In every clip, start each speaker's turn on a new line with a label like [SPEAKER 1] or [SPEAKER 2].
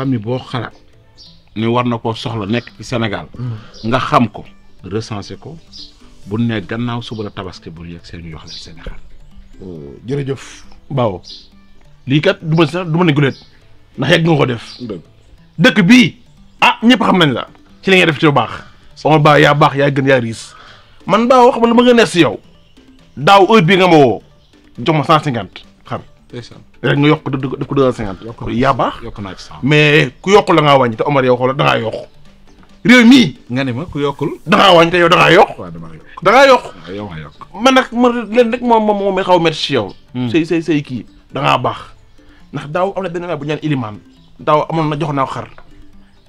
[SPEAKER 1] famille boo xalaat ni war na koo soxla nekk ci Sénégal. Mm. nga xam ko recensé ko bu nekk gannaaw suba la tabaski bu yegg seen jox la Sénégal. Euh, jërëjëf Bao lii kat du ma sax du ma ne guleet ko def. dëkk bii ah ñëpp xam nañ la ci li ngay def ci baax. soo baa yaa baax yaa gën yaa riis man Bao xam nga lu ma gën a si yow daaw heure nga ma woo jox ma cent cinquante rek nga yok ko def ko 250 ya bax yok na ci 100 mais ku yok la nga wañ te omar yow xol da nga yok rew mi nga ne ma ku yokul da nga wañ te yow da nga yok da nga yok man nak ma len rek mom mom may xaw met ci yow hmm. sey sey sey ki da nga bax ndax daw amna ben way bu ñaan iliman daw amon na jox na xar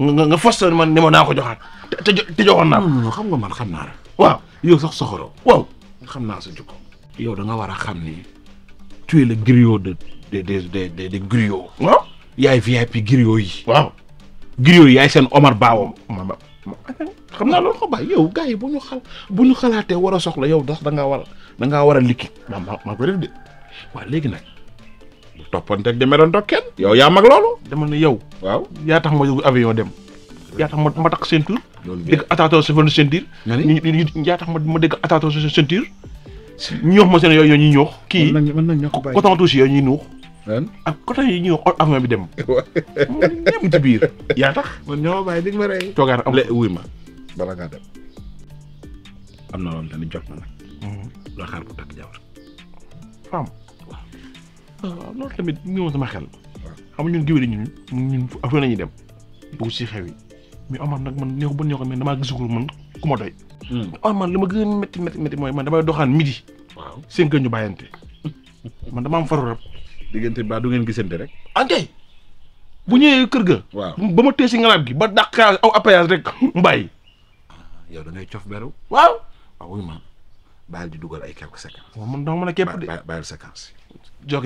[SPEAKER 1] nga nga fossal man ni ma na ko joxat te te joxon na hmm, xam nga man xam na waaw yow sax soxoro waaw xam na sa jukko yow da nga wara xam ni tu es le griot de de de de de griot. waaw yaay VIP griot yi. waaw griot yi yaay seen Omar Baawam. xam naa loolu xam yow gars yi bu ñu xal bu ñu xalaatee war a soxla yow ndax da ngaa war a da ngaa war a liquide. maa maa ko def de waaw léegi nag bu toppanteeg demee doon toog kenn. yow yaa mag loolu. dama ne yow. waaw yaa tax ma yóbbu avion dem. yaa tax ma ma takk ceinture. loolu bien dégg attention yaa tax ma ma dégg attention sa ñoox mo seen yooyu ñuy ñoox ki mën nañ ñoo ko bàyyi coton touché yooyu ñuy ak coton yi ñuy wax avion bi dem dem ci biir ya tax man ñoo bay dig ma rey toogaar am le wuy ma bala nga dem am na lon tamit jot na nak lo xaar ko tak jawr fam waaw loolu tamit ñu sama xel xam ñun giwé ñun ñun afu nañu dem bu ci xewi mi amal nak man neex bu neex man dama gisugul man kuma doy amal lima gën metti metti metti moy man dama doxaan midi waaw cinq ñu bàyyante man dama am faru rab. diggante ba du ngeen gisante rek. ante bu ñëwee kër ga. waaw ba ma téye si ngalaab gi ba dàqaale aw appareil rek mu bàyyi. Ah, yow da ngay cof beru. waaw ah, waaw ma baal di dugal ay quelques séquences. waaw man dama mën a képp de ba baal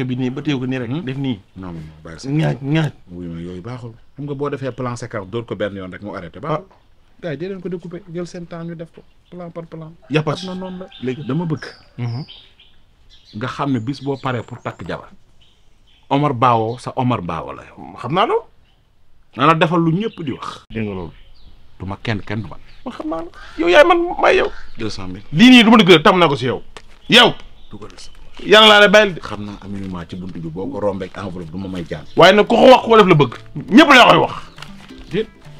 [SPEAKER 1] bi nii ba ko nii rek. Hmm? def nii non non baal séquence. ñaaj ñaaj. ma yooyu baaxul. xam nga boo defee plan séquence dóor ko benn yoon rek mu arrêté baaxul. Ah. gars di dee leen ko découper jël sen temps ñu def ko plan par plan. ya na noonu la léegi dama bëgg. Mhm. nga xamné bis bo paré pour tak jabar Omar Bawo sa Omar Bawo la xamna lo nana defal lu ñepp di wax. de nga loolu. du ma kenn kenn du ma. xamna lo yow yaay man may yow. 200000 li ni duma ma tam na ko ci yow. yow. dugal sa yalla la lay bàyyil de. xam naa am ci buntu bi boko rombe ak enveloppe duma may jaan. waye nag ku ko wax ko def la bëgg. ñepp la koy wax.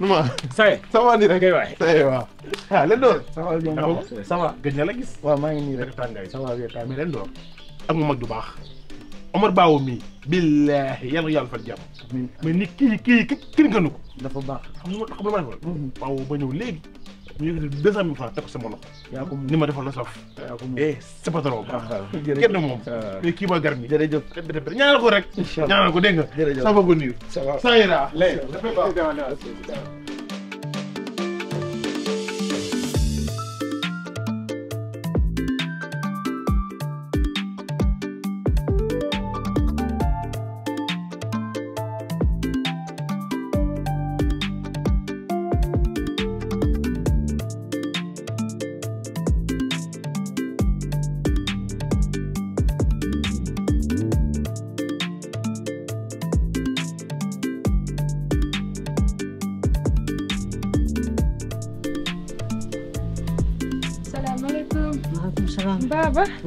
[SPEAKER 1] nu ma. Saye ça va nii rek kay waay. Saye waaw ah leen door. ça va ça va gëj na la gis. waaw maa ngi nii rek tàngaay ça va mais leen door. ak mu mag du baax. Omar Baawo mii. billaahi yàlla yàlla fan jàmm. mais nit kii kii kii kii nga nu ko. dafa baax xam nga xam nga maa ngi woon. Baawo ba ñëw léegi. ñu ngi deux cent mille francs teg ko sama loxo. yaa ko ni ma defal la saf. yaa ko eh sa patron ba. jërëjëf kenn moom. mais garmi. jërëjëf ñaanal ko rek. incha allah ñaanal ko dégg nga.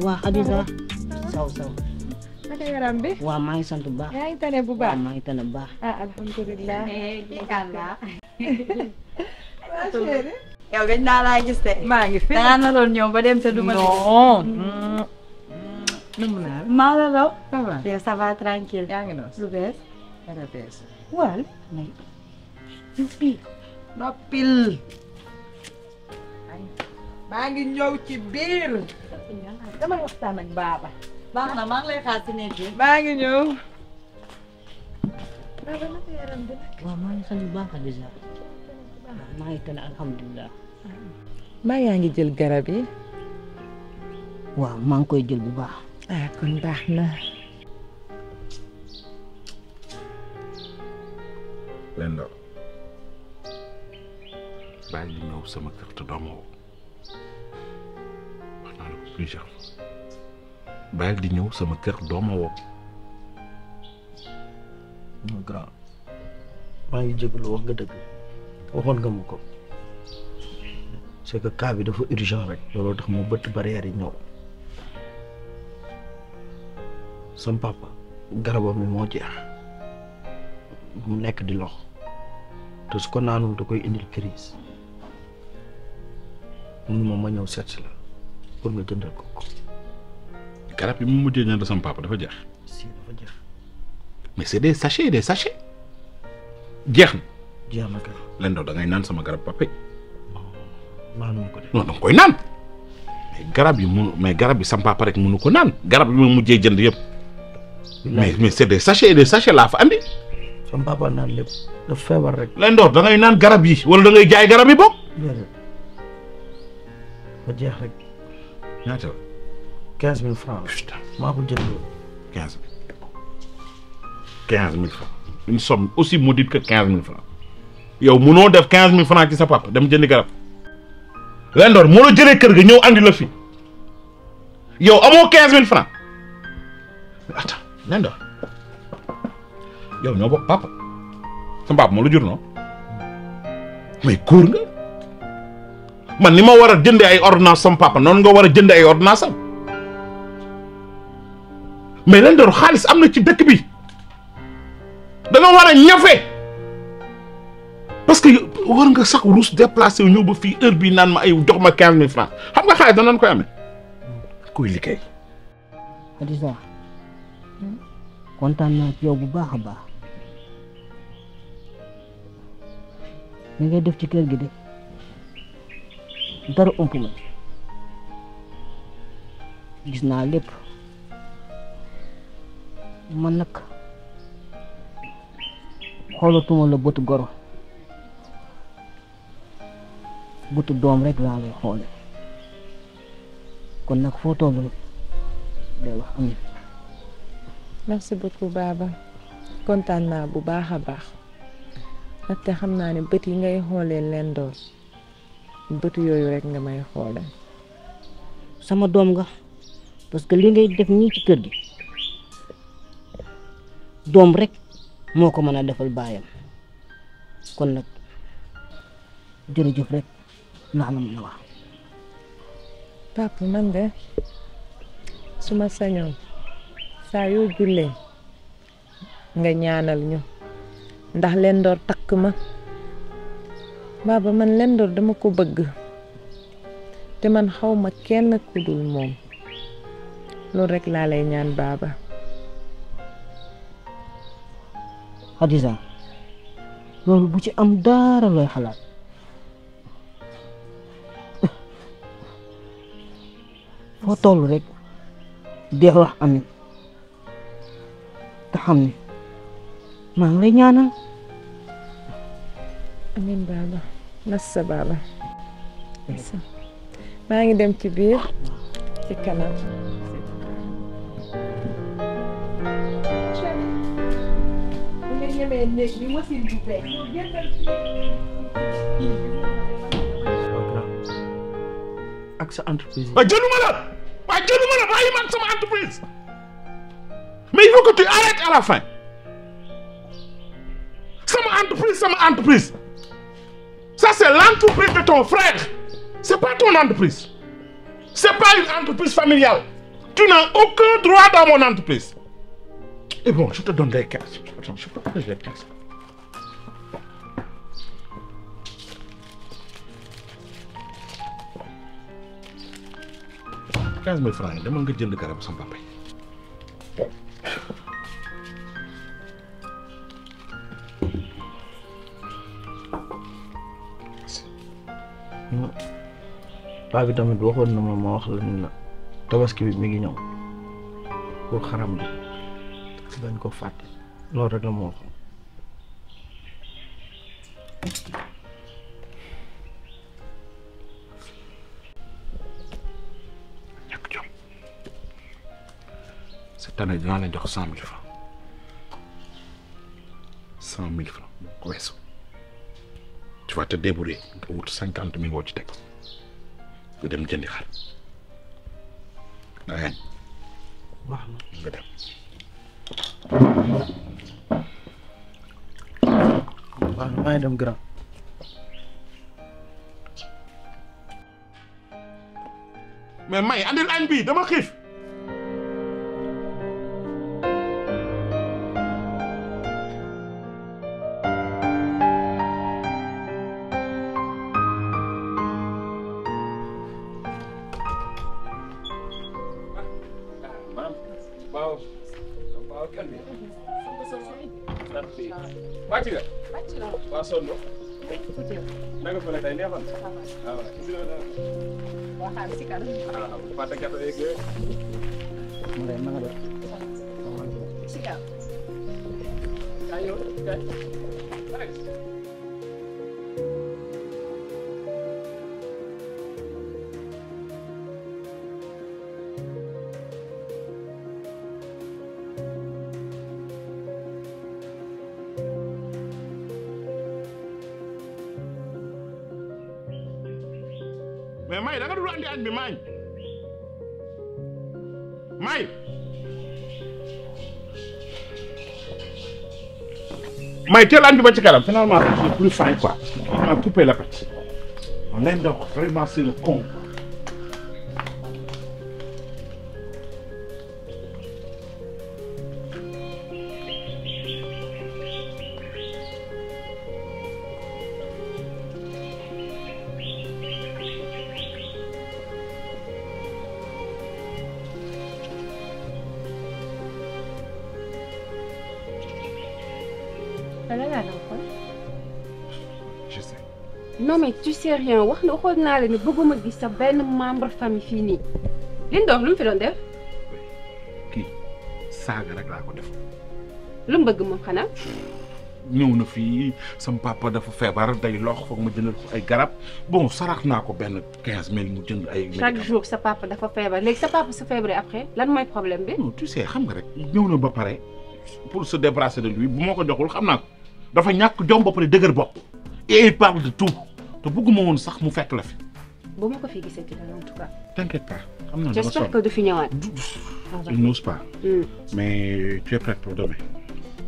[SPEAKER 1] waa Xadisa. saw saw. naka bi. waaw maa ngi sant bu baax. yaa ngi bu baax waaw maa ngi tane bu baax. ah alhamdulilah. yow gëj naa laa gis de. maa ngi fi da ngaa naroon ñoom dem te du ma. maa la raw. ça va yaa ngi noonu lu bees. dara bees. wal. noppi. maa ngi ñëw ci biir. damay waxtaan ak baax na maa ngi lay xaar ci nekk maa ngi ñëw. baaba naka yaram maa ngi sant bu maa ngi tane yaa ngi jël garab yi. waaw maa ngi koy jël bu baax. ah baax na. lenn. bàyyi ñëw sama kër te doo ma bàyyil di ñëw sama kër doo ma grand maa ngi jégalu wax nga dëgg waxoon nga ma ko c'est que cas bi dafa urgent rek looloo tax moo bëtt barrière yi ñëw sam garabam moo jeex mu nekk di lox te su ko naanul da koy indil crise mënuma ma ñëw seet si la. pour nga jëndal ko ko garab bi mu mujjee ñënd sama papa dafa jeex si dafa jeex mais c'est des sachets des sachets jeex na jeex na kay len da ngay naan sama garab papa naanuma ko de non da nga koy mais garab yi mu mais garab bi sama papa rek mënu ko naan garab bi ma mujjee jënd yëpp mais mais c'est des sachets et des sachets laa fa andi sama papa naan lépp rek da ngay garab yi wala da ngay jaay garab yi ba jeex rek ñaata la. quinze mille francs. putain maa ko jëndee. quinze mille. quinze mille francs. une somme aussi maudite que quinze mille francs. yow munoo def quinze mille francs ci sa papa dem jëndi garab. Lendoor moo la jëlee kër ga ñëw andi la fi yow amoo quinze mille francs. attends Lendoor yow ñoo bokk papa sa papa jur noonu man ni ma war a jëndee ay ordonnance sama noonu nga war a jëndee ay ordonnance am mais leen xaalis am na ci dëkk bi da nga war a ñafe que war nga sax ruus déplacé wu ñëw ba fii heure bii naan ma ay jox ma quinze mille francs xam nga xaalis danañ koy amee kuy liggéey. Khadija kontaan naa ci yow bu baax a baax li ngay def ci kër gi de. dara ump ma gis naa lépp man nag xoolatuma la bëtu goro bëtu doom rek laa lay xoole kon nag foo toll day wax amin merci beaucoup baba kontaan naa bu baax a baax ndaxte xam naa ne bët yi ngay xoolee leen doon bët yooyu rek nga may xoole sama doom nga parce que li ngay def nii ci kër gi doom rek moo ko mën a defal baayam kon nag jërëjëf rek laa la wax papa man de suma sañoon saa yoo nga ñaanal ñu ndax takk baba man lendor dama ko bëgg te man xawma kenn ku dul moom loolu rek laa lay ñaan baba Hadiza loolu bu ci am dara looy xalaat foo toll rek deel wax amin te xam ne maa ngi ñaanal amin baba نسى بابا نسى ما عندي كبير في كمان mais il faut que tu arrêtes à la fin C'est ma entreprise c'est ma entreprise. Ça, c'est l'entreprise de ton frère. C'est pas ton entreprise. C'est pas une entreprise familiale. Tu n'as aucun droit dans mon entreprise. Et bon, je te donne des cases. Attends, je peux pas les cases. Quinze mille francs, dama nga jënd garab sama papa paa bi tamit waxoon na ma ma wax la ni la tabaski bi mi ngi ñëw pour xaram bi bañ ko fàtte loolu rek la ma waxoon ñàkk jom cette année jox cent mille francs cent mille francs nga wut cinquante mille woo ci teg ñu dem jëndi xar na nga dem baax na maa ngi dem grand mais may andil añ bi dama xiif waaw kenn bi. wàcc nga. wàcc nga waaw sonn. na nga fële tey neexoon. waaw waaw xaar si kanam. waaw ah, ah, bu fàtte gàtt yeeg yooyu. mu ne ma nga def. si kanam. yaa ngi ñëw kay. I'm da nga run andi my bi finalement suis plus fin quoi on a coupé la patte on est donc vraiment le je sais. non mais tu sais rien wax ne sais tu bëgguma gis sa tu membre famille fini lu fi def. tu rek tu ko def. lu tu na tu sama papa dafa tu day ma jëndal bon sarax 15 tu 15 chaque jour sa papa dafa tu léegi sa papa tu fait après problème tu sais xam nga rek pour se débarrasser de lui bu dafa ñak jom ba pare dëgër bopp et il parle de tout te bëgguma woon sax mu fekk la fi. ba ko fi gisati en tout cas. t'inquiète pas xam naa j'espère que du fi ñëwaat. il n'ose pas. Hmm. mais tu es prête pour demain.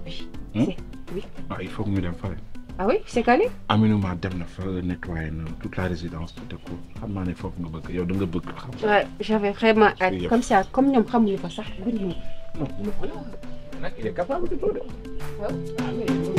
[SPEAKER 1] oui hmm? oui. ah il faut que nous dem fële. ah oui c'est calé. Aminou ma dem na fa nettoyer na toute la résidence tout à coup xam naa ne foofu nga bëgg yow da nga bëgg xam. waaw j'avais vraiment hâte comme ça comme ñoom xamuñu ko sax buñu. non non il est capable de tout de. Ah,